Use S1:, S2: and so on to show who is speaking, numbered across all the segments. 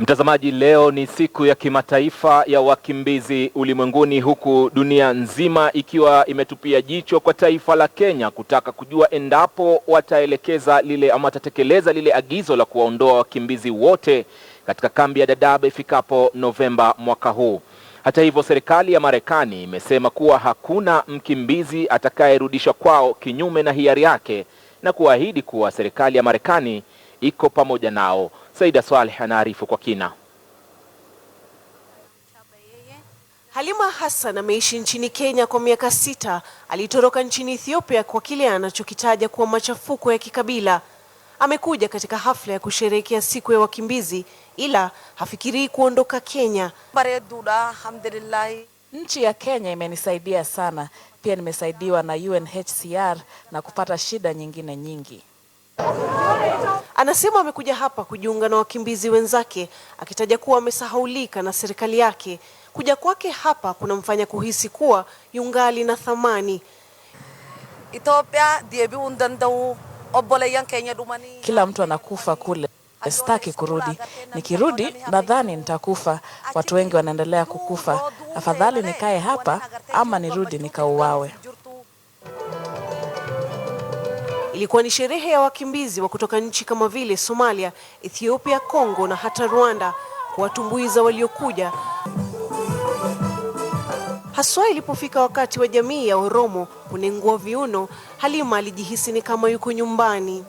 S1: Mtazamaji, leo ni siku ya kimataifa ya wakimbizi ulimwenguni, huku dunia nzima ikiwa imetupia jicho kwa taifa la Kenya kutaka kujua endapo wataelekeza lile ama watatekeleza lile agizo la kuwaondoa wakimbizi wote katika kambi ya Dadaab ifikapo Novemba mwaka huu. Hata hivyo, serikali ya Marekani imesema kuwa hakuna mkimbizi atakayerudishwa kwao kinyume na hiari yake na kuahidi kuwa serikali ya Marekani iko pamoja nao. Saida Swaleh anaarifu kwa kina.
S2: Halima Hassan ameishi nchini Kenya kwa miaka sita. Alitoroka nchini Ethiopia kwa kile anachokitaja kuwa machafuko ya kikabila. Amekuja katika hafla ya kusherehekea siku ya wakimbizi, ila hafikirii kuondoka Kenya.
S3: Nchi ya Kenya imenisaidia sana, pia nimesaidiwa na UNHCR na kupata shida nyingine nyingi.
S2: Anasema amekuja hapa kujiunga na wakimbizi wenzake, akitaja kuwa amesahaulika na serikali yake. Kuja kwake hapa kunamfanya kuhisi kuwa yungali na thamani.
S4: Kila mtu anakufa kule, sitaki kurudi. Nikirudi nadhani nitakufa, watu wengi wanaendelea kukufa. Afadhali nikae hapa ama nirudi nikauawe.
S2: Ilikuwa ni sherehe ya wakimbizi wa kutoka nchi kama vile Somalia, Ethiopia, Kongo na hata Rwanda kuwatumbuiza waliokuja, haswa ilipofika wakati wa jamii ya Oromo kunengua viuno. Halima alijihisi ni kama yuko nyumbani.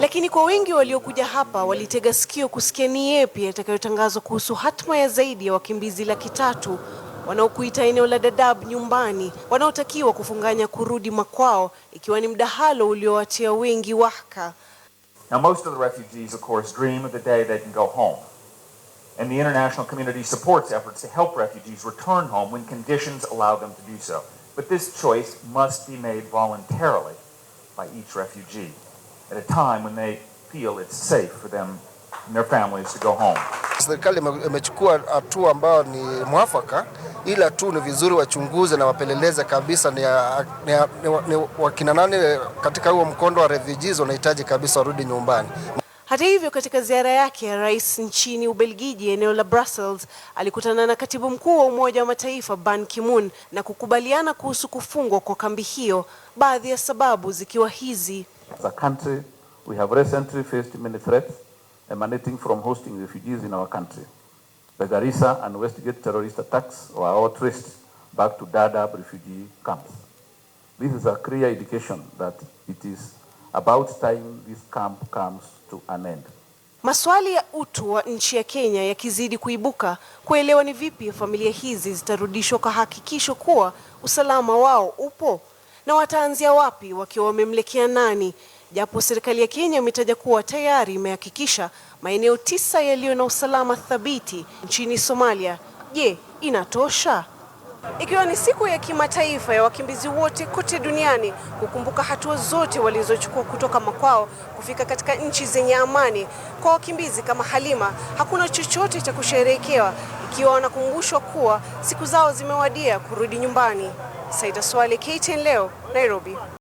S2: Lakini kwa wengi waliokuja hapa walitega sikio kusikia ni yepi atakayotangazwa kuhusu hatma ya zaidi ya wakimbizi laki tatu wanaokuita eneo la Dadaab nyumbani, wanaotakiwa kufunganya kurudi makwao, ikiwa ni mdahalo uliowatia wengi waka
S5: Now most of the refugees of course dream of the day they can go home. And the international community supports efforts to help refugees return home when conditions allow them to do so. But this choice must be made voluntarily by each refugee at a time when they feel it's safe for them and their families to go home.
S6: Serikali imechukua hatua ambayo ni mwafaka ila tu ni vizuri wachunguze na wapeleleze kabisa ni, ni, ni, ni wakina nani katika huo mkondo wa refugees wanahitaji kabisa warudi nyumbani.
S2: Hata hivyo, katika ziara yake ya rais nchini Ubelgiji eneo la Brussels alikutana na katibu mkuu wa Umoja wa Mataifa Ban Ki-moon na kukubaliana kuhusu kufungwa kwa kambi hiyo, baadhi ya sababu zikiwa hizi.
S7: As a country, we have recently faced many threats emanating from hosting refugees in our country the Garissa and West terrorist attacks were all traced back to Dadaab refugee camps. This is a clear indication that it is about time this camp comes to an end.
S2: Maswali ya utu wa nchi ya Kenya yakizidi kuibuka, kuelewa ni vipi familia hizi zitarudishwa kwa hakikisho kuwa usalama wao upo na wataanzia wapi wakiwa wamemlekea nani? Japo serikali ya Kenya imetaja kuwa tayari imehakikisha maeneo tisa yaliyo na usalama thabiti nchini Somalia. Je, inatosha? Ikiwa ni siku ya kimataifa ya wakimbizi wote kote duniani kukumbuka hatua zote walizochukua kutoka makwao kufika katika nchi zenye amani, kwa wakimbizi kama Halima hakuna chochote cha kusherehekewa ikiwa wanakumbushwa kuwa siku zao zimewadia kurudi nyumbani. Saida Swale, KTN leo, Nairobi.